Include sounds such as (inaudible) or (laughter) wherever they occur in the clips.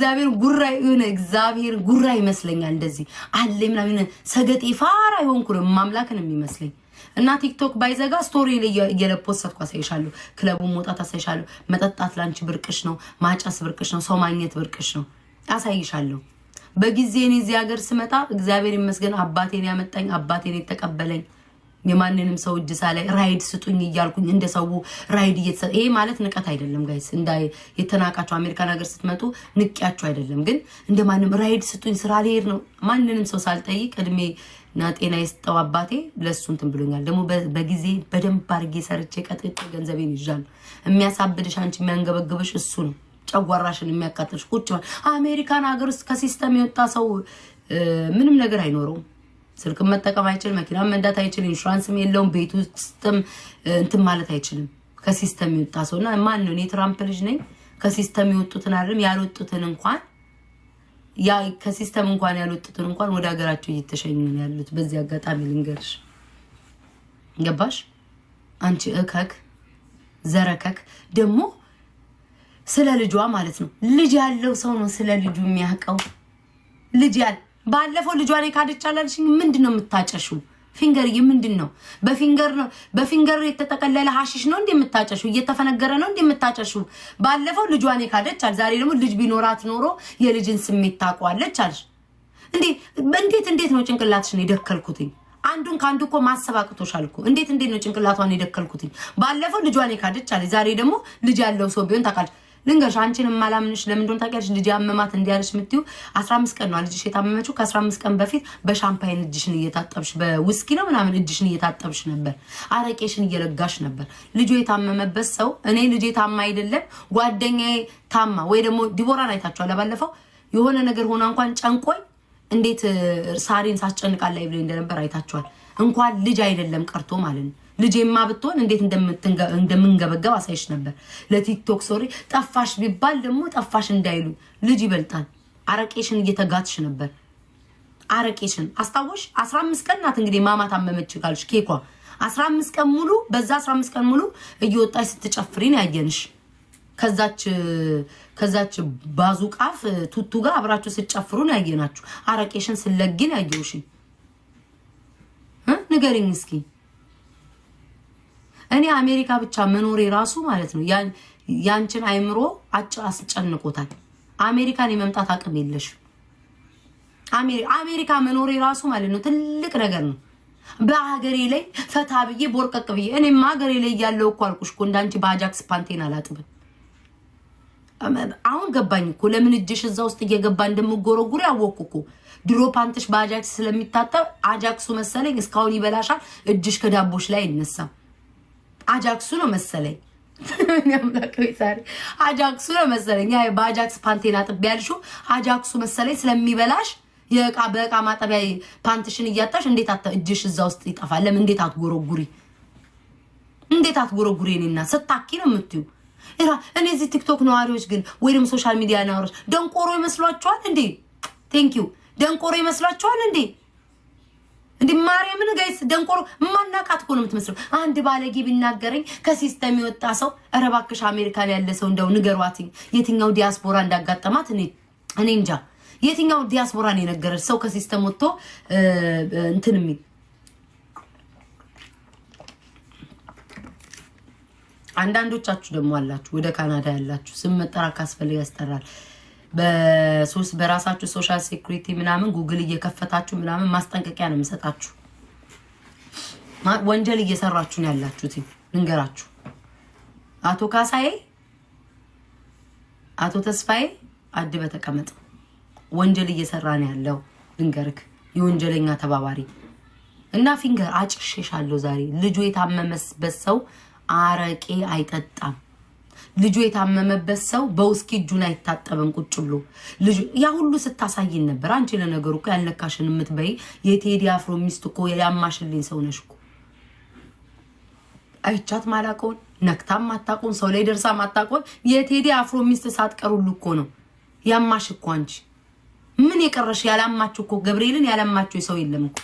እግዚአብሔር ጉራ የሆነ እግዚአብሔር ጉራ ይመስለኛል። እንደዚህ አለ ምናምን ሰገጤ ፋራ የሆንኩ ነው ማምላክን የሚመስለኝ እና ቲክቶክ ባይዘጋ ስቶሪ ላይ እየለፖሰትኩ አሳይሻለሁ። ክለቡ መውጣት አሳይሻለሁ። መጠጣት ላንቺ ብርቅሽ ነው። ማጨስ ብርቅሽ ነው። ሰው ማግኘት ብርቅሽ ነው። አሳይሻለሁ። በጊዜ እኔ እዚህ ሀገር ስመጣ እግዚአብሔር ይመስገን አባቴን ያመጣኝ አባቴን የተቀበለኝ የማንንም ሰው እጅ ሳላይ ራይድ ስጡኝ እያልኩኝ እንደ ሰው ራይድ እየተሰ ይሄ ማለት ንቀት አይደለም ጋይስ። እንደ የተናቃቸው አሜሪካን ሀገር ስትመጡ ንቅያቸው አይደለም፣ ግን እንደ ማንም ራይድ ስጡኝ ስራ ልሄድ ነው ማንንም ሰው ሳልጠይቅ እድሜ እና ጤና የስጠው አባቴ ለሱ እንትን ብሎኛል። ደግሞ በጊዜ በደንብ አድርጌ ሰርቼ ቀጥቼ ገንዘቤን ይዣለሁ። የሚያሳብድሽ አንቺ የሚያንገበግብሽ እሱ ነው። ጨጓራሽን የሚያቃጥልሽ ቁጭ አሜሪካን ሀገር ውስጥ ከሲስተም የወጣ ሰው ምንም ነገር አይኖረውም። ስልክም መጠቀም አይችልም፣ መኪናም መንዳት አይችልም፣ ኢንሹራንስም የለውም፣ ቤት ውስጥም እንትን ማለት አይችልም። ከሲስተም የወጣ ሰው እና ማን ነው? እኔ ትራምፕ ልጅ ነኝ። ከሲስተም የወጡትን አይደለም ያልወጡትን እንኳን ያ ከሲስተም እንኳን ያልወጡትን እንኳን ወደ ሀገራቸው እየተሸኙ ነው ያሉት። በዚህ አጋጣሚ ልንገርሽ፣ ገባሽ? አንቺ እከክ ዘረከክ ደግሞ ስለ ልጇ ማለት ነው። ልጅ ያለው ሰው ነው ስለ ልጁ የሚያውቀው ልጅ ያል ባለፈው ልጇን የካደቻላልሽ ምንድን ነው የምታጨሹ? ፊንገር ምንድን ነው? በፊንገር ነው በፊንገር የተጠቀለለ ሀሽሽ ነው እንዲ የምታጨሹ? እየተፈነገረ ነው እንዲ የምታጨሹ? ባለፈው ልጇን የካደቻል፣ ዛሬ ደግሞ ልጅ ቢኖራት ኖሮ የልጅን ስሜት ታውቀዋለች አልሽ። እንዴት እንዴት ነው ጭንቅላትሽን የደከልኩትኝ አንዱን ከአንዱ እኮ ማሰብ አቅቶሻል እኮ። እንዴት እንዴት ነው ጭንቅላቷን የደከልኩትኝ? ባለፈው ልጇን የካደቻል፣ ዛሬ ደግሞ ልጅ ያለው ሰው ቢሆን ታውቃለች። ልንገርሽ፣ አንቺን የማላምንሽ ለምን እንደሆነ ታውቂያለሽ? ልጅ አመማት እንዲያለሽ የምትይው አስራ አምስት ቀን ነው ልጅሽ የታመመችው። ከአስራ አምስት ቀን በፊት በሻምፓይን እጅሽን እየታጠብሽ በውስኪ ነው ምናምን እጅሽን እየታጠብሽ ነበር፣ አረቄሽን እየረጋሽ ነበር። ልጁ የታመመበት ሰው እኔ ልጄ ታማ አይደለም ጓደኛዬ ታማ ወይ ደግሞ ዲቦራን አይታችኋል ባለፈው የሆነ ነገር ሆና እንኳን ጨንቆኝ እንዴት ሳሪን ሳስጨንቃላይ ብሎ እንደነበር አይታችኋል። እንኳን ልጅ አይደለም ቀርቶ ማለት ነው ልጄማ ብትሆን እንዴት እንደምንገበገብ አሳይሽ ነበር። ለቲክቶክ ሶሪ ጠፋሽ ቢባል ደግሞ ጠፋሽ እንዳይሉ ልጅ ይበልጣል። አረቄሽን እየተጋትሽ ነበር። አረቄሽን አስታወሽ? አስራ አምስት ቀን ናት እንግዲህ ማማት አመመች ካልሽ ኬኳ አስራ አምስት ቀን ሙሉ በዛ አስራ አምስት ቀን ሙሉ እየወጣሽ ስትጨፍሪን ያየንሽ ከዛች ከዛች ቃፍ ቱቱ ጋር አብራችሁ ስትጨፍሩን ያየናችሁ። አረቄሽን ስለግን ያየውሽኝ ንገሪኝ እስኪ። እኔ አሜሪካ ብቻ መኖሬ ራሱ ማለት ነው ያንችን አይምሮ አስጨንቆታል። አሜሪካን የመምጣት አቅም የለሽ። አሜሪካ መኖሬ ራሱ ማለት ነው ትልቅ ነገር ነው። በሀገሬ ላይ ፈታ ብዬ ቦርቀቅ ብዬ እኔም ሀገሬ ላይ እያለሁ እኮ አልኩሽ እኮ እንዳንቺ በአጃክስ ፓንቴን አላጥብም። አሁን ገባኝ እኮ ለምን እጅሽ እዛ ውስጥ እየገባ እንደምጎረጉር ያወቅኩ እኮ። ድሮ ፓንትሽ በአጃክስ ስለሚታጠብ አጃክሱ መሰለኝ እስካሁን ይበላሻል። እጅሽ ከዳቦች ላይ አይነሳም። አጃክሱ ነው መሰለኝ ዛሬ አጃክሱ ነው መሰለኝ። በአጃክስ ፓንቴና ጥብ ያልሹ አጃክሱ መሰለኝ ስለሚበላሽ የእቃ በእቃ ማጠቢያ ፓንትሽን እያጣሽ እንዴት እጅሽ እዛ ውስጥ ይጠፋል? ለምን እንዴት አትጎረጉሪ? እንዴት አትጎረጉሪ? እኔና ስታኪ ነው የምትዩ ራ እኔ እዚህ ቲክቶክ ነዋሪዎች ግን ወይም ሶሻል ሚዲያ ነዋሪዎች ደንቆሮ ይመስሏቸዋል እንዴ? ቴንኪዩ ደንቆሮ ይመስሏቸዋል እንዴ? እንዲ ማርያምን ጋይስ ደንቆሮ ማናቃት እኮ ነው የምትመስለው። አንድ ባለጌ ቢናገረኝ ከሲስተም የወጣ ሰው ኧረ እባክሽ አሜሪካን ያለ ሰው እንደው ንገሯትኝ የትኛው ዲያስፖራ እንዳጋጠማት እኔ እንጃ። የትኛው ዲያስፖራ ነው የነገረች ሰው ከሲስተም ወጥቶ እንትን የሚል አንዳንዶቻችሁ ደግሞ አላችሁ፣ ወደ ካናዳ ያላችሁ ስም መጠራት ካስፈልግ ያስጠራል። በሶስት በራሳችሁ ሶሻል ሴኩሪቲ ምናምን ጉግል እየከፈታችሁ ምናምን ማስጠንቀቂያ ነው የምሰጣችሁ። ወንጀል እየሰራችሁ ነው ያላችሁት። ልንገራችሁ አቶ ካሳዬ፣ አቶ ተስፋዬ አድ በተቀመጠ ወንጀል እየሰራ ነው ያለው። ልንገርክ የወንጀለኛ ተባባሪ እና ፊንገር አጭሼሻለሁ ዛሬ ልጁ የታመመበት ሰው አረቄ አይጠጣም። ልጁ የታመመበት ሰው በውስኪ እጁን አይታጠብም ቁጭ ብሎ ያ ሁሉ ስታሳይን ነበር። አንቺ ለነገሩ እኮ ያልነካሽን የምትበይ የቴዲ አፍሮ ሚስት እኮ ያማሽልኝ ሰው ነሽ እኮ አይቻት ማላቀውን ነክታም ማታቆን ሰው ላይ ደርሳ ማታቆን የቴዲ አፍሮ ሚስት ሳትቀሩሉ እኮ ነው ያማሽ እኮ አንቺ ምን የቀረሽ ያላማችሁ እኮ ገብርኤልን ያላማችሁ ሰው የለም እኮ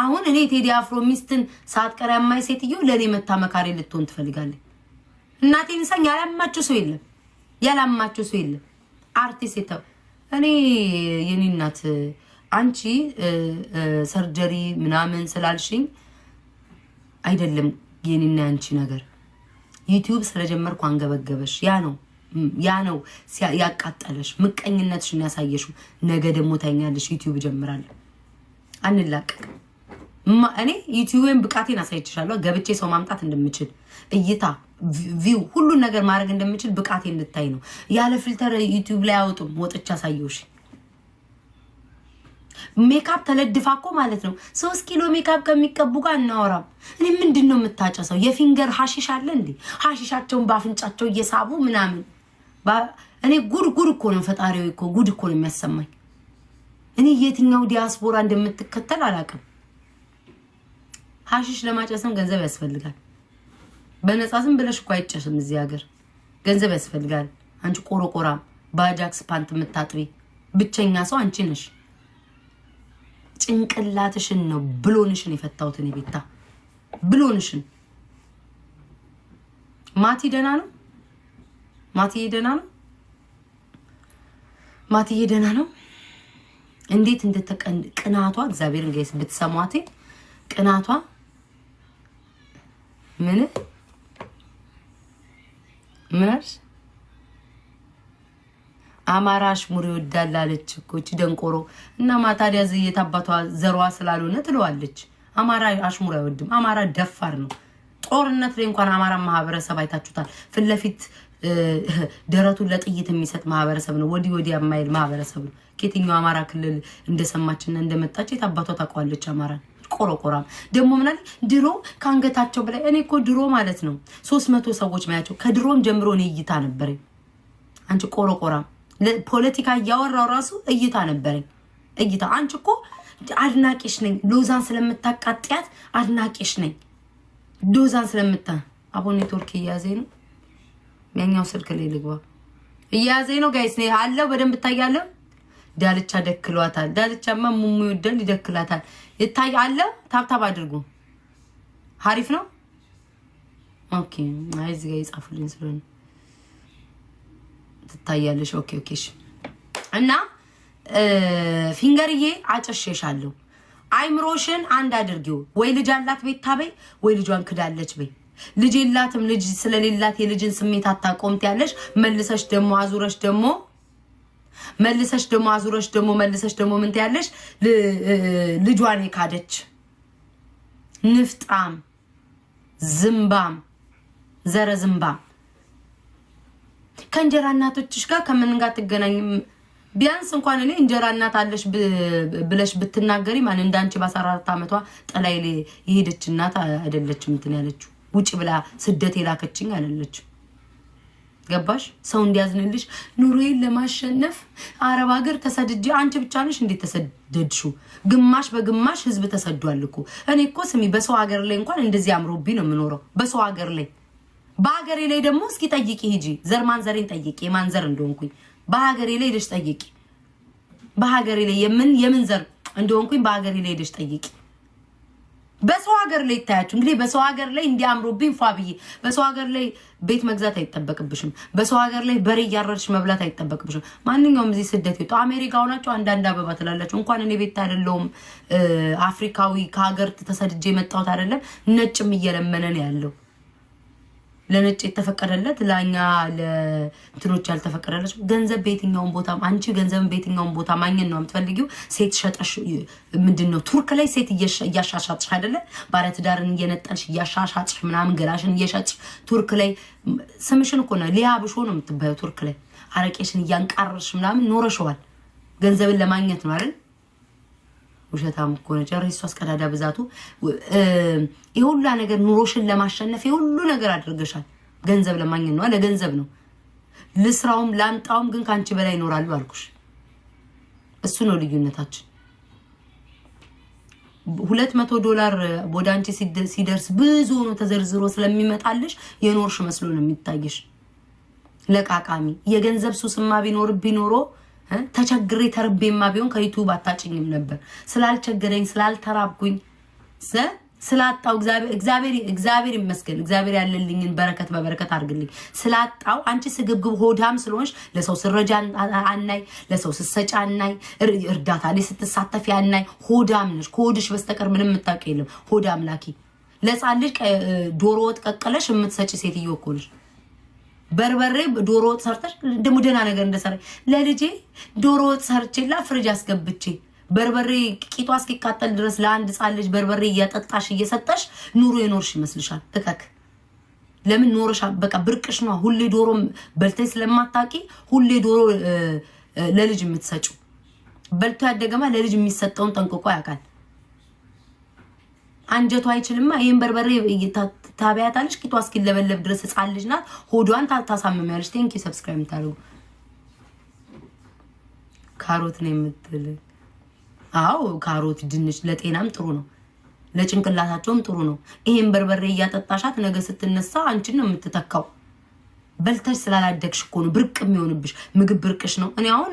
አሁን እኔ ቴዲ አፍሮ ሚስትን ሳትቀር ያማይ ሴትዮ ለእኔ መታ መካሪ ልትሆን ትፈልጋለች። እናቴን ሰኝ ያላማችሁ ሰው የለም፣ ያላማችሁ ሰው የለም። አርቲስት የተው እኔ የኔ እናት አንቺ ሰርጀሪ ምናምን ስላልሽኝ አይደለም የኔና ያንቺ ነገር ዩቲዩብ ስለጀመርኩ አንገበገበሽ። ያ ነው ያ ነው ያቃጠለሽ፣ ምቀኝነትሽን ያሳየሽው። ነገ ደግሞ ታኛለሽ፣ ዩቲዩብ እጀምራለሁ፣ አንላቀቅ። እኔ ዩቲዩብን ብቃቴን አሳይችሻለሁ፣ ገብቼ ሰው ማምጣት እንደምችል እይታ ቪው ሁሉን ነገር ማድረግ እንደምችል ብቃቴ እንድታይ ነው። ያለ ፊልተር ዩቲዩብ ላይ አወጡም። ወጥቻ አሳየውሽ። ሜካፕ ተለድፋ እኮ ማለት ነው። ሶስት ኪሎ ሜካፕ ከሚቀቡ ጋር እናወራም። እኔ ምንድን ነው የምታጨሰው? የፊንገር ሀሺሽ አለ እንዴ? ሀሺሻቸውን በአፍንጫቸው እየሳቡ ምናምን። እኔ ጉድ ጉድ እኮ ነው ፈጣሪው እኮ ጉድ እኮ ነው የሚያሰማኝ። እኔ የትኛው ዲያስፖራ እንደምትከተል አላውቅም። ሀሺሽ ለማጨሰም ገንዘብ ያስፈልጋል። በነጻ ዝም ብለሽ እኮ አይጨሽም። እዚህ ሀገር ገንዘብ ያስፈልጋል። አንቺ ቆረቆራም በአጃክስ ፓንት የምታጥቢ ብቸኛ ሰው አንቺ ነሽ። ጭንቅላትሽን ነው ብሎንሽን የፈታሁት እኔ ቤታ። ብሎንሽን ማቲ ደህና ነው። ማቲ ደህና ነው። ማቲ ደህና ነው። እንዴት እንደተቀን ቅናቷ እግዚአብሔር እንግዲህ ብትሰሟቴ ቅናቷ ምን ምናልሽ አማራ አሽሙር ይወዳል አለች እኮ ይቺ ደንቆሮ። እና ማታዲያ ዝየት አባቷ ዘሯ ስላልሆነ ትለዋለች። አማራ አሽሙር አይወድም። አማራ ደፋር ነው። ጦርነት ላይ እንኳን አማራ ማህበረሰብ አይታችሁታል። ፊት ለፊት ደረቱን ለጥይት የሚሰጥ ማህበረሰብ ነው። ወዲህ ወዲህ የማይል ማህበረሰብ ነው። ከየትኛው አማራ ክልል እንደሰማችና እንደመጣች የት አባቷ ታውቀዋለች አማራን? ቆረቆራም ደግሞ ምናል ድሮ ከአንገታቸው በላይ እኔ እኮ ድሮ ማለት ነው ሶስት መቶ ሰዎች ማያቸው ከድሮም ጀምሮ እኔ እይታ ነበረኝ። አንቺ ቆረቆራም ፖለቲካ እያወራው ራሱ እይታ ነበረኝ እይታ። አንቺ እኮ አድናቂሽ ነኝ፣ ሎዛን ስለምታቃጥያት አድናቂሽ ነኝ። ሎዛን ስለምታ አቦ ኔትወርክ እያያዘኝ ነው። ያኛው ስልክ ላይ ልግባ እያያዘኝ ነው ጋይስ አለው በደንብ እታያለሁ። ዳልቻ ደክሏታል። ዳልቻማ ሙሙ ይወደን ይደክላታል። ይታይ አለ። ታብታብ አድርጉ። ሀሪፍ ነው። ኦኬ። አይ እዚህ ጋር የጻፉልኝ ስለሆነ ትታያለሽ። ኦኬ ኦኬ። እሺ። እና ፊንገርዬ አጨሸሻለሁ። አይምሮሽን አንድ አድርጊው። ወይ ልጅ አላት ቤታ በይ፣ ወይ ልጇን ክዳለች በይ። ልጅ የላትም ልጅ ስለሌላት የልጅን ስሜት አታቆምት ያለሽ መልሰሽ ደግሞ አዙረሽ ደግሞ መልሰሽ ደግሞ አዙረሽ ደግሞ መልሰሽ ደግሞ ምንት ያለሽ ልጇን የካደች ንፍጣም፣ ዝምባም፣ ዘረ ዝምባም ከእንጀራ እናቶችሽ ጋር ከምን ጋር ትገናኝም? ቢያንስ እንኳን እኔ እንጀራ እናት አለሽ ብለሽ ብትናገሪ ማን እንዳንቺ በ14 ዓመቷ ጠላይ የሄደች እናት አይደለችም። እንትን ያለችው ውጭ ብላ ስደት የላከችኝ አይደለችም። ገባሽ? ሰው እንዲያዝንልሽ ኑሮዬን ለማሸነፍ አረብ ሀገር ተሰድጄ፣ አንቺ ብቻ ነሽ እንዴት ተሰደድሹ? ግማሽ በግማሽ ህዝብ ተሰዷል እኮ። እኔ እኮ ስሚ፣ በሰው ሀገር ላይ እንኳን እንደዚህ አምሮብኝ ነው የምኖረው፣ በሰው ሀገር ላይ። በሀገሬ ላይ ደግሞ እስኪ ጠይቂ ሂጂ፣ ዘር ማንዘሬን ጠይቂ፣ የማንዘር እንደሆንኩኝ በሀገሬ ላይ ሄደሽ ጠይቂ። በሀገሬ ላይ የምን የምን ዘር እንደሆንኩኝ በሀገሬ ላይ ሄደሽ ጠይቂ። በሰው ሀገር ላይ ይታያችሁ። እንግዲህ በሰው ሀገር ላይ እንዲያምሩብኝ ፏብዬ በሰው ሀገር ላይ ቤት መግዛት አይጠበቅብሽም። በሰው ሀገር ላይ በሬ እያረድሽ መብላት አይጠበቅብሽም። ማንኛውም እዚህ ስደት ይወጡ አሜሪካ ሆናችሁ አንዳንድ አበባ ትላላችሁ። እንኳን እኔ ቤት አይደለውም አፍሪካዊ ከሀገር ተሰድጄ የመጣሁት አይደለም። ነጭም እየለመነን ያለው ለነጭ የተፈቀደለት ለኛ ለትኖች ያልተፈቀደለች ገንዘብ በየትኛውን ቦታ አንቺ ገንዘብን በየትኛውን ቦታ ማግኘት ነው የምትፈልጊው? ሴት ሸጠሽ ምንድን ነው ቱርክ ላይ ሴት እያሻሻጥሽ አይደለ? ባለትዳርን እየነጠልሽ እያሻሻጥሽ ምናምን ገላሽን እየሸጥሽ ቱርክ ላይ ስምሽን እኮ ነው ሊያብሾ ነው የምትባየው። ቱርክ ላይ አረቄሽን እያንቃረሽ ምናምን ኖረሸዋል። ገንዘብን ለማግኘት ነው አይደል? ውሸታም እኮ ነው አስቀዳዳ ብዛቱ። የሁላ ነገር ኑሮሽን ለማሸነፍ የሁሉ ነገር አድርገሻል። ገንዘብ ለማግኘት ነው፣ ለገንዘብ ነው። ልስራውም ላምጣውም ግን ከአንቺ በላይ ይኖራሉ አልኩሽ። እሱ ነው ልዩነታችን። ሁለት መቶ ዶላር ወደ አንቺ ሲደርስ ብዙ ሆኖ ተዘርዝሮ ስለሚመጣልሽ የኖርሽ መስሎ ነው የሚታይሽ። ለቃቃሚ የገንዘብ ሱስማ ቢኖር ቢኖሮ ተቸግሬ ተርቤማ ቢሆን ከዩቱብ አታጭኝም ነበር። ስላልቸገረኝ ስላልተራብኩኝ ስላጣው እግዚአብሔር ይመስገን። እግዚአብሔር ያለልኝን በረከት በበረከት አድርግልኝ። ስላጣው አንቺ ስግብግብ ሆዳም ስለሆንሽ ለሰው ስረጃ አናይ፣ ለሰው ስሰጫ አናይ፣ እርዳታ ላይ ስትሳተፊ አናይ። ሆዳም ነሽ። ከሆድሽ በስተቀር ምንም የምታውቅ የለም። ሆዳም ላኪ ለጻልሽ ዶሮ ወጥ ቀቀለሽ የምትሰጭ ሴትዮ እኮ ነሽ። በርበሬ ዶሮ ወጥ ሰርተሽ ደግሞ ደህና ነገር እንደሰራ ለልጄ ዶሮ ወጥ ሰርቼላ ፍርጅ አስገብቼ በርበሬ ቂጧ እስኪቃጠል ድረስ ለአንድ ህፃን ልጅ በርበሬ እያጠጣሽ እየሰጠሽ ኑሮ የኖርሽ ይመስልሻል? እከክ ለምን ኖረሻ? በቃ ብርቅሽ ነው። ሁሌ ዶሮ በልተሽ ስለማታቂ ሁሌ ዶሮ ለልጅ የምትሰጪው በልቶ ያደገማ ለልጅ የሚሰጠውን ጠንቅቆ ያውቃል። አንጀቷ አይችልማ። ይህን በርበሬ ታቢያታለች። ቂቷ እስኪለበለብ ድረስ ህፃን ልጅ ናት። ሆዷን ታሳምሚያለች። ቴንኪ ሰብስክራይብ የምታደርጉ ካሮት ነው የምትል አዎ፣ ካሮት ድንች ለጤናም ጥሩ ነው፣ ለጭንቅላታቸውም ጥሩ ነው። ይሄን በርበሬ እያጠጣሻት ነገ ስትነሳ አንቺን ነው የምትተካው። በልተሽ ስላላደግሽ እኮ ነው ብርቅ የሚሆንብሽ። ምግብ ብርቅሽ ነው። እኔ አሁን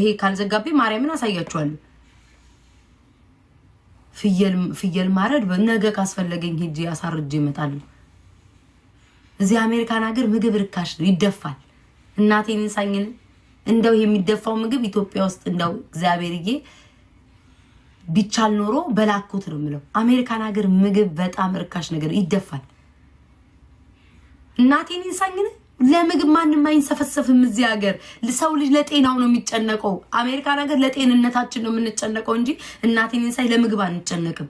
ይሄ ካልዘጋቤ ማርያምን አሳያችኋለሁ። ፍየል ማረድ ነገ ካስፈለገኝ ሄጅ ያሳርጅ ይመጣሉ። እዚህ አሜሪካን ሀገር ምግብ ርካሽ ነው፣ ይደፋል። እናቴን ንሳኝን እንደው የሚደፋው ምግብ ኢትዮጵያ ውስጥ እንደው እግዚአብሔርዬ ቢቻል ኖሮ በላኩት ነው የምለው። አሜሪካን ሀገር ምግብ በጣም ርካሽ ነገር ይደፋል። እናቴን ንሳኝን ለምግብ ማንም አይንሰፈሰፍም እዚህ ሀገር። ሰው ልጅ ለጤናው ነው የሚጨነቀው። አሜሪካን ሀገር ለጤንነታችን ነው የምንጨነቀው እንጂ እናቴን ሳይ ለምግብ አንጨነቅም፣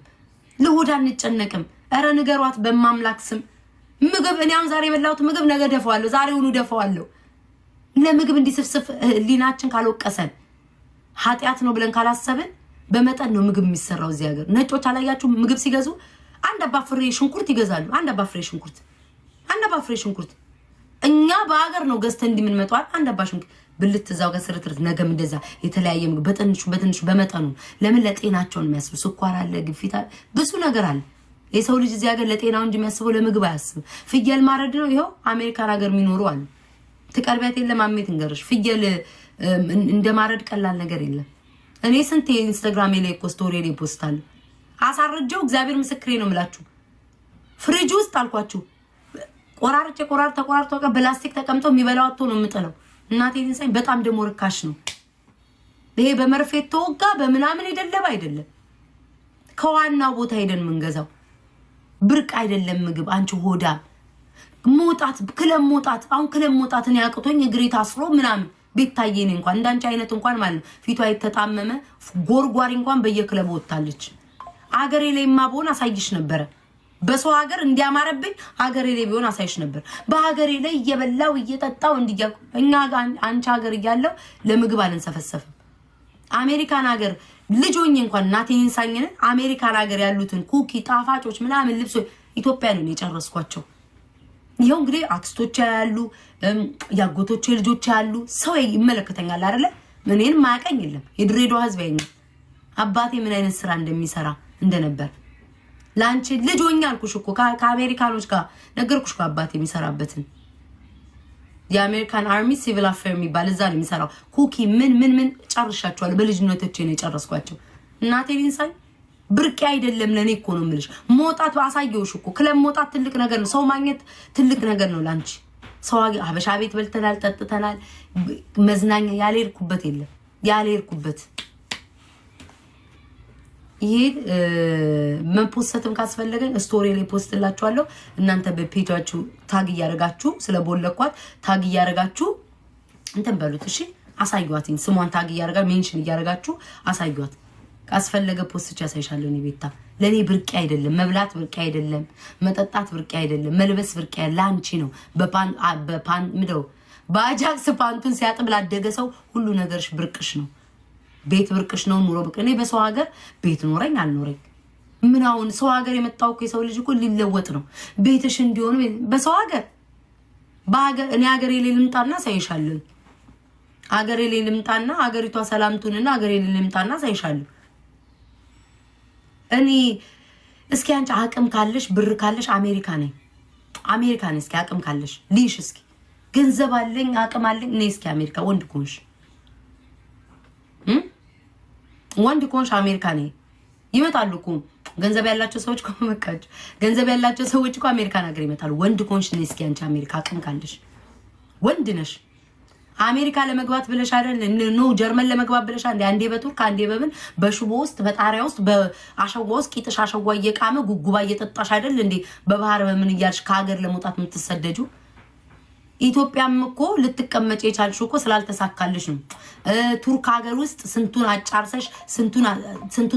ለሆድ አንጨነቅም። እረ ንገሯት በማምላክ ስም ምግብ እኔ አሁን ዛሬ የበላሁት ምግብ ነገ ደፈዋለሁ፣ ዛሬውኑ ደፈዋለሁ። ለምግብ እንዲስፍስፍ ህሊናችን ካልወቀሰን ኃጢአት ነው ብለን ካላሰብን በመጠን ነው ምግብ የሚሰራው እዚህ ሀገር። ነጮች አላያችሁ ምግብ ሲገዙ አንድ አባ ፍሬ ሽንኩርት ይገዛሉ። አንድ አባፍሬ ሽንኩርት፣ አንድ ፍሬ ሽንኩርት እኛ በሀገር ነው ገዝተን እንዲምንመጠዋል አንድ አባሽን ብልት እዛው ጋር ስርትርት ነገም እንደዛ የተለያየ ምግብ በትንሹ በትንሹ በመጠኑ ለምን ለጤናቸውን የሚያስብ ስኳር አለ፣ ግፊት አለ፣ ብዙ ነገር አለ። የሰው ልጅ እዚህ ሀገር ለጤናው እንጂ የሚያስበው ለምግብ አያስብ። ፍየል ማረድ ነው። ይኸው አሜሪካን ሀገር የሚኖሩ አለ። ትቀርቢያት የለም አሜት እንገርሽ ፍየል እንደ ማረድ ቀላል ነገር የለም። እኔ ስንት የኢንስታግራም ላይ እኮ ስቶሪ ላይ ፖስታለሁ አሳረጀው። እግዚአብሔር ምስክሬ ነው የምላችሁ ፍሪጅ ውስጥ አልኳችሁ ቆራርጭ ቆራር ተቆራርቶ ቀ በላስቲክ ተቀምጦ የሚበላው አቶ ነው የምጥለው። እናቴ ትንሳኝ። በጣም ደሞ ርካሽ ነው ይሄ። በመርፌ ተወጋ በምናምን የደለበ አይደለም። ከዋና ቦታ ሄደን የምንገዛው ብርቅ አይደለም ምግብ። አንቺ ሆዳ መውጣት ክለም መውጣት አሁን ክለም መውጣት ነው ያቅቶኝ እግሬ ታስሮ ምናምን ቤት ታየኔ እንኳን እንዳንቺ አይነት እንኳን ማለት ነው ፊቷ የተጣመመ ጎርጓሪ እንኳን በየክለብ ወጥታለች። አገሬ ላይ ማ በሆን አሳይሽ ነበረ። በሰው ሀገር እንዲያማረብኝ ሀገሬ ላይ ቢሆን አሳይሽ ነበር። በሀገሬ ላይ እየበላው እየጠጣው እንዲያ እኛ አንቺ ሀገር እያለው ለምግብ አልንሰፈሰፍም። አሜሪካን ሀገር ልጆኝ እንኳን እናቴን ይንሳኝን አሜሪካን ሀገር ያሉትን ኩኪ ጣፋጮች ምናምን ልብሶ ኢትዮጵያ ነው የጨረስኳቸው። ይኸው እንግዲህ አክስቶች ያሉ ያጎቶች ልጆች ያሉ ሰው ይመለከተኛል አይደለ? እኔንም ማያቀኝ የለም። የድሬዳዋ ህዝብ ያኛል አባቴ ምን አይነት ስራ እንደሚሰራ እንደነበር ለአንቺ ልጅ ሆኜ አልኩሽ እኮ ከአሜሪካኖች ጋር ነገርኩሽ እኮ አባት የሚሰራበትን የአሜሪካን አርሚ ሲቪል አፌር የሚባል እዛ ነው የሚሰራው። ኩኪ ምን ምን ምን ጨርሻቸዋለሁ። በልጅነቶቼ ነው የጨረስኳቸው። እናቴ ሊንሳይ ብርቅ አይደለም ለእኔ እኮ ነው የምልሽ። መውጣት አሳየውሽ እኮ ክለብ መውጣት ትልቅ ነገር ነው። ሰው ማግኘት ትልቅ ነገር ነው ለአንቺ። ሰው ሀበሻ ቤት በልተናል፣ ጠጥተናል። መዝናኛ ያልሄድኩበት የለም ያልሄድኩበት ይሄ መፖሰትም ካስፈለገኝ ስቶሪ ላይ ፖስትላችኋለሁ። እናንተ በፔጃችሁ ታግ እያደረጋችሁ ስለ ቦለኳት ታግ እያደረጋችሁ እንትን በሉት እሺ። አሳዩዋትኝ ስሟን ታግ እያደረጋ ሜንሽን እያደረጋችሁ አሳዩዋት። ካስፈለገ ፖስት ያሳይሻለሁ። እኔ ቤታ ለእኔ ብርቅ አይደለም፣ መብላት ብርቅ አይደለም፣ መጠጣት ብርቅ አይደለም፣ መልበስ ብርቅ ለአንቺ ነው። በፓን ምደው በአጃክስ ፓንቱን ሲያጥብ ላደገ ሰው ሁሉ ነገርሽ ብርቅሽ ነው። ቤት ብርቅሽ ነው፣ ኑሮ ብቅ እኔ በሰው ሀገር ቤት ኖረኝ አልኖረኝ ምን አሁን ሰው ሀገር የመጣው እኮ የሰው ልጅ እኮ ሊለወጥ ነው። ቤትሽ እንዲሆን በሰው ሀገር በሀገር እኔ ሀገር የሌ ልምጣና ሳይሻለሁ ሀገር የሌ ልምጣና ሀገሪቷ ሰላምቱንና ሀገር የሌ ልምጣና ሳይሻለሁ እኔ እስኪ አንቺ አቅም ካለሽ ብር ካለሽ አሜሪካ ነኝ አሜሪካ ነኝ። እስኪ አቅም ካለሽ ልይሽ እስኪ ገንዘብ አለኝ አቅም አለኝ። እኔ እስኪ አሜሪካ ወንድ ኮንሽ ወንድ ከሆንሽ አሜሪካ ነይ ይመጣሉ እኮ ገንዘብ ያላቸው ሰዎች እኮ ገንዘብ ያላቸው ሰዎች እኮ አሜሪካን ነገር ይመጣሉ። ወንድ ከሆንሽ ነይ እስኪ አንቺ አሜሪካ አቅም ካለሽ ወንድ ነሽ። አሜሪካ ለመግባት ብለሽ አይደል? ኖ ጀርመን ለመግባት ብለሽ አንዴ አንዴ በቱርክ አንዴ በምን በሽቦ ውስጥ በጣሪያ ውስጥ በአሸዋ ውስጥ ቂጥሽ አሸዋ እየቃመ ጉጉባ እየጠጣሽ አይደል እንዴ በባህር በምን እያልሽ ከሀገር ለመውጣት የምትሰደጁ ኢትዮጵያም እኮ ልትቀመጭ የቻልሽ እኮ ስላልተሳካልሽ ነው። ቱርክ ሀገር ውስጥ ስንቱን አጫርሰሽ ስንቱ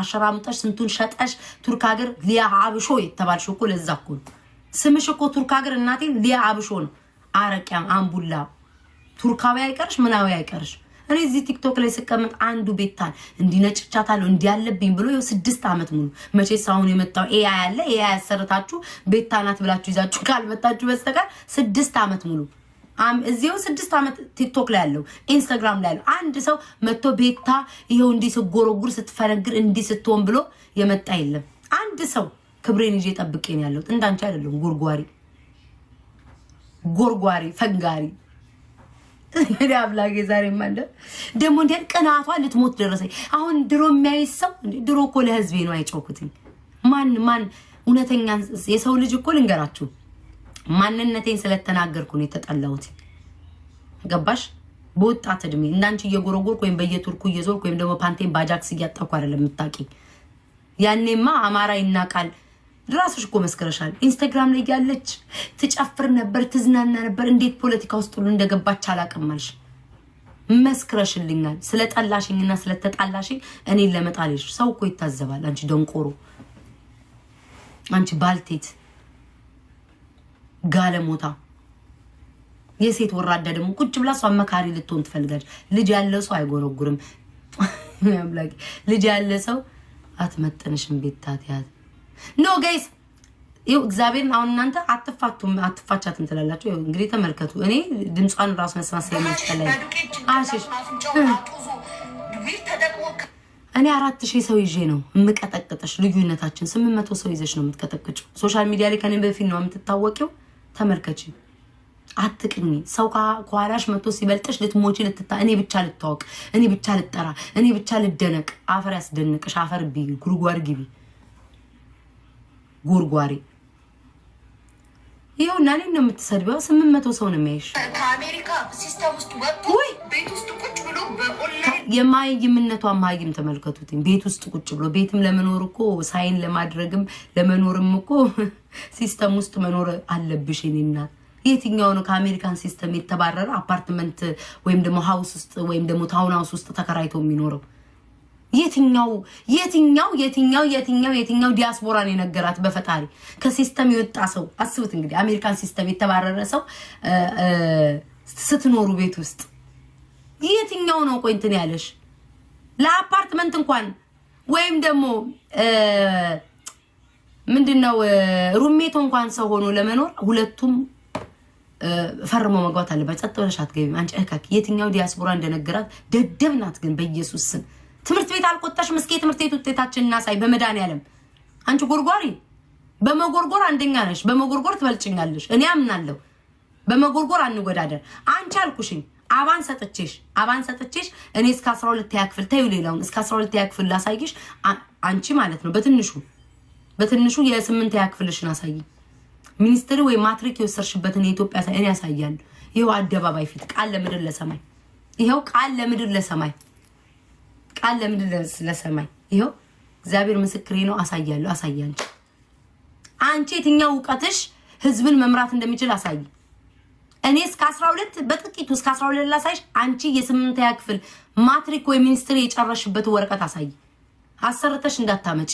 አሸራምጠሽ ስንቱን ሸጠሽ ቱርክ ሀገር ሊያ አብሾ የተባልሽ እኮ ለዛ እኮ ነው ስምሽ እኮ ቱርክ ሀገር እናቴ ሊያ አብሾ ነው። አረቂያም አምቡላ ቱርካዊ አይቀርሽ ምናዊ አይቀርሽ እኔ እዚህ ቲክቶክ ላይ ስቀመጥ አንዱ ቤታን እንዲነጭቻታለሁ እንዲያለብኝ ብሎ ይኸው ስድስት ዓመት ሙሉ መቼ ሳሁን የመጣው ኤ ያለ ኤ ያሰርታችሁ ቤታ ናት ብላችሁ ይዛችሁ (laughs) ካልመጣችሁ በስተቀር ስድስት ዓመት ሙሉ እዚው ስድስት ዓመት ቲክቶክ ላይ ያለው ኢንስታግራም ላይ ያለው አንድ ሰው መጥቶ ቤታ ይኸው እንዲህ ስጎረጉር ስትፈነግር እንዲህ ስትሆን ብሎ የመጣ የለም። አንድ ሰው ክብሬን ይዤ ነው ያለሁት እንዳንቺ አይደለም። ጎርጓሪ ጎርጓሪ ፈንጋሪ እኔ አብላጌ ዛሬ ማለ ደግሞ እንደ ቅናቷ ልትሞት ደረሰኝ። አሁን ድሮ የሚያይ ሰው ድሮ እኮ ለህዝቤ ነው አይጮኩትኝ። ማን ማን እውነተኛ የሰው ልጅ እኮ ልንገራችሁ፣ ማንነቴን ስለተናገርኩ ነው የተጠላሁት። ገባሽ? በወጣት እድሜ እንዳንቺ እየጎረጎርኩ ወይም በየቱርኩ እየዞርኩ ወይም ደግሞ ፓንቴን ባጃክስ እያጣኩ አይደለም የምታውቂኝ። ያኔማ አማራ ይናቃል ራስሽ እኮ መስከረሻል። ኢንስታግራም ላይ ያለች ትጨፍር ነበር፣ ትዝናና ነበር። እንዴት ፖለቲካ ውስጥ ሁሉ እንደገባች አላቅም አልሽ። መስክረሽልኛል። ስለ ጠላሽኝና ስለ ተጣላሽኝ እኔን ለመጣልሽ ሰው እኮ ይታዘባል። አንቺ ደንቆሮ፣ አንቺ ባልቴት፣ ጋለሞታ፣ የሴት ወራዳ ደግሞ ቁጭ ብላ እሷ መካሪ ልትሆን ትፈልጋለች። ልጅ ያለ ሰው አይጎረጉርም። (laughs) ልጅ ያለ ሰው አትመጥንሽም ቤት ታትያት ኖ ጋይስ ይው እግዚአብሔርን አሁን እናንተ አትፋቱም አትፋቻትም ትላላችሁ። ይው እንግዲህ ተመልከቱ። እኔ ድምጿን ራሱ መስማት ስለማይችላል አሽሽ እኔ አራት ሺህ ሰው ይዤ ነው የምቀጠቅጥሽ። ልዩነታችን ስምንት መቶ ሰው ይዘሽ ነው የምትቀጠቅጭው። ሶሻል ሚዲያ ላይ ከኔ በፊት ነው የምትታወቂው። ተመልከች፣ አትቅኝ። ሰው ከኋላሽ መቶ ሲበልጥሽ ልትሞቺ ልትታ እኔ ብቻ ልታወቅ፣ እኔ ብቻ ልጠራ፣ እኔ ብቻ ልደነቅ። አፈር ያስደንቅሽ። አፈር ግቢ፣ ጉድጓድ ግቢ። ጎርጓሪ ይኸው እና እኔን ነው የምትሰድበው። ስምንት መቶ ሰው ነው የሚያይሽ። ከአሜሪካ ሲስተም ውስጥ ወጥቶ ቤት ውስጥ ቁጭ ብሎ በኦንላይን የማይምነቷን ማይም ተመልከቱትኝ። ቤት ውስጥ ቁጭ ብሎ ቤትም ለመኖር እኮ ሳይን ለማድረግም ለመኖርም እኮ (laughs) ሲስተም ውስጥ መኖር አለብሽ። የእኔ እናት የትኛው ነው ከአሜሪካን ሲስተም የተባረረ አፓርትመንት ወይም ደግሞ ሀውስ ውስጥ ወይም ደግሞ ታውን ሀውስ ውስጥ ተከራይቶ የሚኖረው? የትኛው የትኛው የትኛው የትኛው የትኛው ዲያስፖራን የነገራት በፈጣሪ ከሲስተም የወጣ ሰው አስቡት እንግዲህ አሜሪካን ሲስተም የተባረረ ሰው ስትኖሩ ቤት ውስጥ የትኛው ነው ቆይ እንትን ያለሽ ለአፓርትመንት እንኳን ወይም ደግሞ ምንድን ነው ሩሜቶ እንኳን ሰው ሆኖ ለመኖር ሁለቱም ፈርሞ መግባት አለባት። ጸጥ ብለሽ አትገቢም አንቺ እካክ። የትኛው ዲያስፖራ እንደነገራት ደደብ ናት ግን በኢየሱስ ስም ትምህርት ቤት አልቆጣሽም። እስኪ ትምህርት ቤት ውጤታችን እናሳይ። በመድኃኒዓለም አንቺ ጎርጓሪ፣ በመጎርጎር አንደኛ ነሽ። በመጎርጎር ትበልጭኛለሽ። እኔ አምናለሁ። በመጎርጎር አንወዳደር። አንቺ አልኩሽኝ አባን ሰጥቼሽ አባን ሰጥቼሽ እኔ እስከ አስራ 12 ያክፍል ተይው፣ ሌላውን እስከ አስራ 12 ያክፍል ላሳይሽ። አንቺ ማለት ነው በትንሹ በትንሹ የስምንት ያክፍልሽን አሳይ። ሚኒስትሪ ወይ ማትሪክ የወሰርሽበትን የኢትዮጵያ እኔ ያሳያሉ። ይኸው አደባባይ ፊት ቃል ለምድር ለሰማይ፣ ይኸው ቃል ለምድር ለሰማይ ቃል ለምድር ለሰማይ ይኸው እግዚአብሔር ምስክሬ ነው። አሳያለሁ አሳያን አንቺ የትኛው እውቀትሽ ህዝብን መምራት እንደሚችል አሳይ። እኔ እስከ 12 በጥቂቱ እስከ 12 ላሳይሽ። አንቺ የስምንተኛ ክፍል ማትሪክ ወይ ሚኒስትሪ የጨረሽበት ወረቀት አሳይ። አሰርተሽ እንዳታመጪ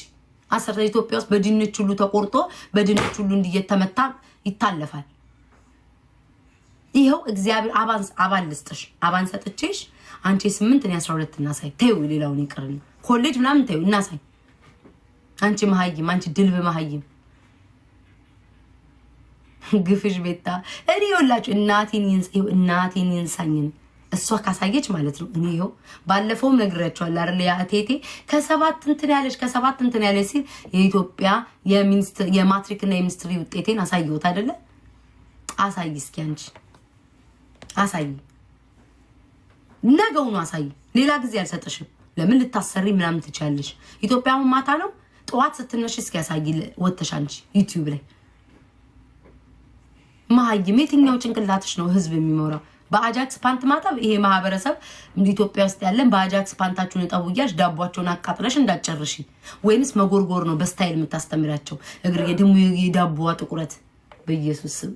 አሰርተሽ። ኢትዮጵያ ውስጥ በድንች ሁሉ ተቆርጦ በድንች ሁሉ እንዲየተመታ ይታለፋል። ይኸው እግዚአብሔር አባን አባን ልስጥሽ አባን ሰጥቼሽ አንቺ ስምንት እኔ አስራ ሁለት እናሳይ ተይው፣ ሌላውን ይቅር ኮሌጅ ምናምን ተይው፣ እናሳይ። አንቺ መሀይም፣ አንቺ ድልብ መሀይም ግፍሽ ቤታ እኔ ይኸውላችሁ እናቴን ይንጽው እናቴን ይንሳኝን እሷ ካሳየች ማለት ነው። እኔ ይኸው ባለፈውም ነግሬያቸዋለሁ አይደል ያ እቴቴ ከሰባት እንትን ያለች ከሰባት እንትን ያለች ሲል የኢትዮጵያ የማትሪክና የሚኒስትሪ ውጤቴን አሳየሁት አይደለ? አሳይ እስኪ አንቺ አሳይ። ነገውን አሳይ። ሌላ ጊዜ አልሰጥሽም። ለምን ልታሰሪ ምናምን ትችያለሽ። ኢትዮጵያ አሁን ማታ ነው። ጠዋት ስትነሽ እስኪ ያሳይ ወተሽ አንቺ ዩቲዩብ ላይ መሀይም፣ የትኛው ጭንቅላትሽ ነው ህዝብ የሚመራው በአጃክስ ፓንት ማጠብ ይሄ ማህበረሰብ እንደ ኢትዮጵያ ውስጥ ያለን በአጃክስ ፓንታችሁን እጠቡ እያልሽ ዳቧቸውን አቃጥለሽ እንዳጨርሽ፣ ወይምስ መጎርጎር ነው በስታይል የምታስተምሪያቸው? እግር የደሞ የዳቧ ጥቁረት በኢየሱስ ስም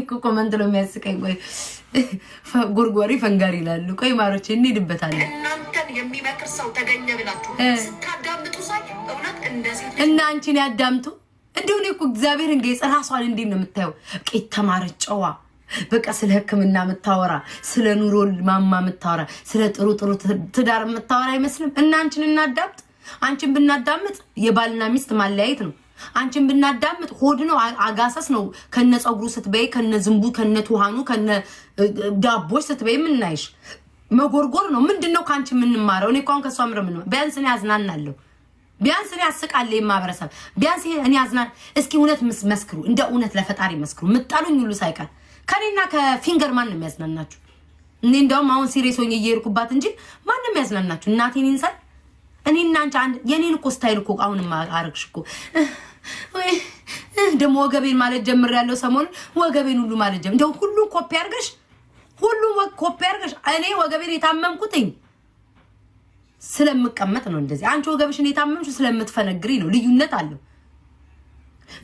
እኮ ኮመንት ነው የሚያስቀኝ። ቆይ ጎርጓሪ ፈንጋሪ ይላሉ። ቆይ ማሮች እንሄድበታለን። እናንተን የሚመክር ሰው ተገኘ ብላችሁ ስታዳምጡ ሳይ እውነት እንደዚህ እና አንቺን ያዳምጡ እንዲሁ እኔ እኮ እግዚአብሔር እንገ ራሷን እንዴት ነው የምታየው? ቄት ተማረች ጨዋ በቃ ስለ ሕክምና የምታወራ ስለ ኑሮ ማማ የምታወራ ስለ ጥሩ ጥሩ ትዳር የምታወራ አይመስልም። እና አንቺን እናዳምጥ። አንቺን ብናዳምጥ የባልና ሚስት ማለያየት ነው። አንቺን ብናዳምጥ ሆድ ነው፣ አጋሰስ ነው። ከነ ፀጉሩ ስትበይ፣ ከነ ዝንቡ፣ ከነ ትሃኑ ከነ ዳቦች ስትበይ የምናይሽ መጎርጎር ነው። ምንድን ነው ከአንቺ የምንማረው? እኔ እኳን ከሷ ምረ ምን ቢያንስ እኔ አዝናናለሁ፣ ቢያንስ እኔ አስቃለ ማህበረሰብ ቢያንስ እኔ አዝና እስኪ እውነት መስክሩ፣ እንደ እውነት ለፈጣሪ መስክሩ። ምጣሉኝ ሁሉ ሳይቀር ከኔና ከፊንገር ማን ነው የሚያዝናናችሁ? እኔ እንደውም አሁን ሲሪየስ ሆኜ እየሄድኩባት እንጂ ማንም የሚያዝናናችሁ? እናቴን ይንሳል። እኔ እናንቺ የኔን እኮ ስታይል እኮ አሁን አረግሽ እኮ ደግሞ ወገቤን ማለት ጀምሬያለሁ። ሰሞኑን ወገቤን ሁሉ ማለት ጀምር እንደው ሁሉም ኮፒ አድርገሽ ሁሉም ኮፒ አድርገሽ። እኔ ወገቤን የታመምኩትኝ ስለምቀመጥ ነው። እንደዚህ አንቺ ወገብሽን የታመምሽ ስለምትፈነግሪ ነው። ልዩነት አለው።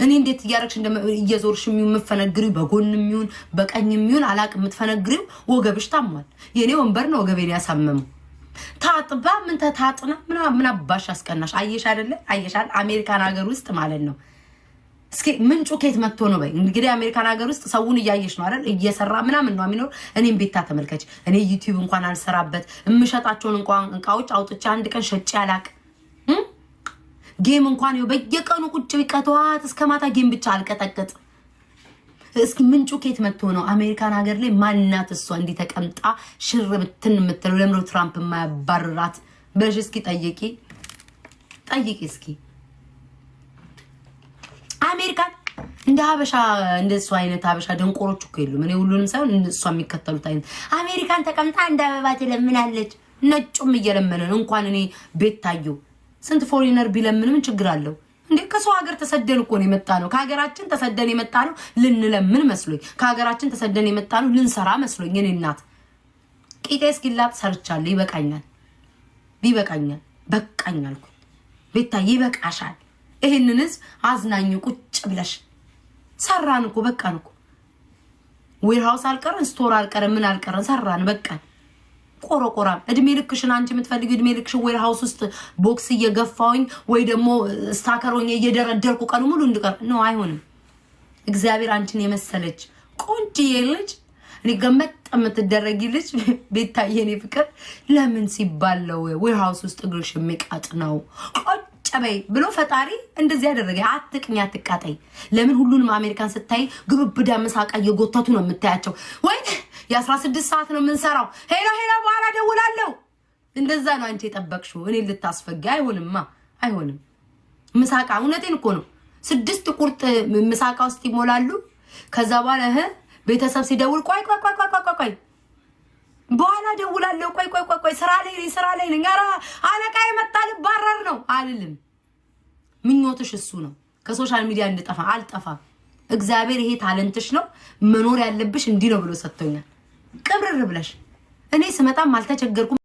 እኔ እንዴት እያደረግሽ እየዞርሽ የሚሆን የምትፈነግሪው በጎን የሚሆን በቀኝ የሚሆን አላቅ የምትፈነግሪው ወገብሽ ታሟል። የእኔ ወንበር ነው ወገቤን ያሳመመው። ታጥባ ምን ተታጥና ምን አባሽ አስቀናሽ? አየሽ አይደለ አየሻል። አሜሪካን ሀገር ውስጥ ማለት ነው። እስኪ ምንጩ ኬት መጥቶ ነው? በይ እንግዲህ አሜሪካን ሀገር ውስጥ ሰውን እያየሽ ነው አይደል? እየሰራ ምናምን ነው የሚኖር። እኔም ቤታ ተመልከች። እኔ ዩቲዩብ እንኳን አልሰራበት የምሸጣቸውን እንኳን እቃዎች አውጥቼ አንድ ቀን ሸጬ አላቅም። ጌም እንኳን በየቀኑ ቁጭ ብቀተዋት እስከ ማታ ጌም ብቻ አልቀጠቅጥ እስኪ ምንጩ ኬት መጥቶ ነው? አሜሪካን ሀገር ላይ ማናት እሷ እንዲህ ተቀምጣ ሽር ብትን የምትለው? ለምሮ ትራምፕ የማያባርራት በሽ እስኪ ጠይቂ ጠይቂ እስኪ አሜሪካን እንደ ሀበሻ እንደ እሱ አይነት ሀበሻ ደንቆሮች እኮ የሉም። እኔ ሁሉንም ሳይሆን እሷ የሚከተሉት አይነት አሜሪካን ተቀምጣ እንደ አበባ ትለምናለች። ነጩም እየለመነ እንኳን እኔ ቤት ታየው ስንት ፎሪነር ቢለምን ምን ችግር አለው? እንዴ ከሰው ሀገር ተሰደን እኮ ነው የመጣ ነው። ከሀገራችን ተሰደን የመጣ ነው ልንለምን መስሎኝ፣ ከሀገራችን ተሰደን የመጣ ነው ልንሰራ መስሎኝ። እኔ እናት ቂጤ እስኪላጥ ሰርቻለሁ። ይበቃኛል፣ ይበቃኛል፣ በቃኝ አልኩኝ። ቤታ ይበቃሻል። ይህንን ህዝብ አዝናኝ ቁጭ ብለሽ ሰራን እኮ በቃን እኮ ዌርሃውስ አልቀረን፣ ስቶር አልቀረን፣ ምን አልቀረን፣ ሰራን በቃን። ቆረቆራም እድሜ ልክሽን አንቺ የምትፈልጊው እድሜ ልክሽን ዌር ሃውስ ውስጥ ቦክስ እየገፋውኝ ወይ ደግሞ ስታከሮኝ እየደረደርኩ ቀን ሙሉ እንድቀር ነው። አይሆንም። እግዚአብሔር አንቺን የመሰለች ቆንጅዬ ልጅ እኔ ገመት የምትደረጊ ልጅ (laughs) ቤታዬ፣ የኔ ፍቅር ለምን ሲባለው ዌር ሃውስ ውስጥ እግርሽ የሚቃጥ ነው ጨበይ ብሎ ፈጣሪ እንደዚህ ያደረገ። አትቅኝ አትቃጠይ። ለምን ሁሉንም አሜሪካን ስታይ ግብብዳ ምሳቃ እየጎተቱ ነው የምታያቸው ወይ የአስራ ስድስት ሰዓት ነው የምንሰራው። ሄሎ ሄሎ በኋላ ደውላለሁ። እንደዛ ነው አንቺ የጠበቅሽው። እኔ ልታስፈጊ አይሆንማ፣ አይሆንም። ምሳቃ እውነቴን እኮ ነው። ስድስት ቁርጥ ምሳቃ ውስጥ ይሞላሉ። ከዛ በኋላ ቤተሰብ ሲደውል ቆይ ቆይ ቆይ ቆይ ቆይ በኋላ ደውላለሁ። ቆይ ቆይ ቆይ ቆይ ስራ ላይ ስራ ላይ ነኝ። ኧረ አለቃ የመጣ ልባረር ነው አልልም። ምኞትሽ እሱ ነው። ከሶሻል ሚዲያ እንድጠፋ አልጠፋም። እግዚአብሔር ይሄ ታለንትሽ ነው መኖር ያለብሽ እንዲህ ነው ብሎ ሰጥቶኛል። ቅብርር ብለሽ እኔ ስመጣም አልተቸገርኩም።